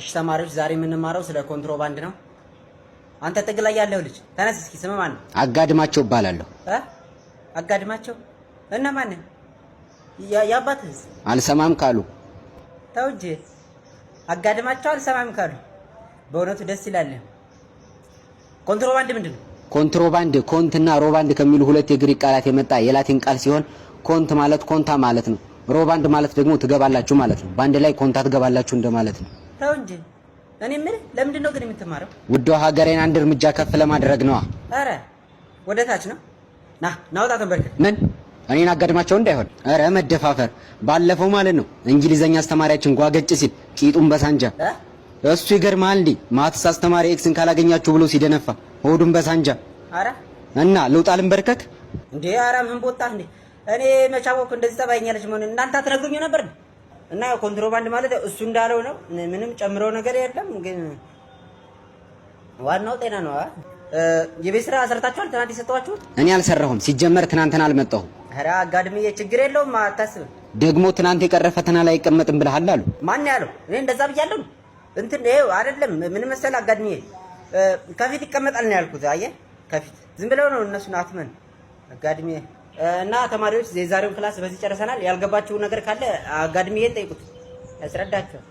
እሺ ተማሪዎች ዛሬ የምንማረው ስለ ኮንትሮባንድ ነው። አንተ ጥግ ላይ ያለው ልጅ ተነስ እስኪ። ስም ማን ነው? አጋድማቸው እባላለሁ። አጋድማቸው እና ማን ያባትህ? አልሰማም ካሉ ተው እንጂ አጋድማቸው አልሰማም ካሉ። በእውነቱ ደስ ይላል። ኮንትሮባንድ ምንድን ነው? ኮንትሮባንድ ኮንትና ሮባንድ ከሚሉ ሁለት የግሪክ ቃላት የመጣ የላቲን ቃል ሲሆን ኮንት ማለት ኮንታ ማለት ነው። ሮባንድ ማለት ደግሞ ትገባላችሁ ማለት ነው። በአንድ ላይ ኮንታ ትገባላችሁ እንደማለት ነው። ተው እንጂ። እኔ ምን ለምንድን ነው ግን የምትማረው? ውዷ ሀገሬን አንድ እርምጃ ከፍ ለማድረግ ነዋ። አረ ወደ ታች ነው። ና ናውጣ ተንበርክ። ምን እኔን አጋድማቸው እንዳይሆን። አረ መደፋፈር። ባለፈው ማለት ነው እንግሊዘኛ አስተማሪያችን ጓገጭ ሲል ቂጡን በሳንጃ እሱ ይገርማል። እንዴ! ማትስ አስተማሪ ኤክስን ካላገኛችሁ ብሎ ሲደነፋ ሆዱን በሳንጃ አረ እና ልውጣ ልንበርከክ እንዴ? ኧረ ምን ቦጣ እንዴ! እኔ መቻወኩ እንደዚህ ጸባይኛለች መሆን እናንተ አትነግሩኝ ነበር። እና ኮንትሮባንድ ማለት እሱ እንዳለው ነው። ምንም ጨምረው ነገር የለም። ግን ዋናው ጤና ነው። የቤት ስራ ሰርታችኋል? ትናንት የሰጠኋችሁት እኔ አልሰራሁም። ሲጀመር ትናንትና አልመጣሁም። ኧረ አጋድምዬ ችግር የለውም አታስብም። ደግሞ ትናንት የቀረ ፈተና ላይ አይቀመጥም ብለሃል አሉ። ማን ያለው? እኔ እንደዛ ብያለሁ። እንትን ይኸው አይደለም። ምን መሰል አጋድምዬ ከፊት ይቀመጣል ነው ያልኩት። አየህ፣ ከፊት ዝም ብለው ነው እነሱን አትመን አጋድምዬ እና ተማሪዎች የዛሬውን ክላስ በዚህ ጨርሰናል። ያልገባችሁ ነገር ካለ አጋድሚዬን ጠይቁት ያስረዳቸዋል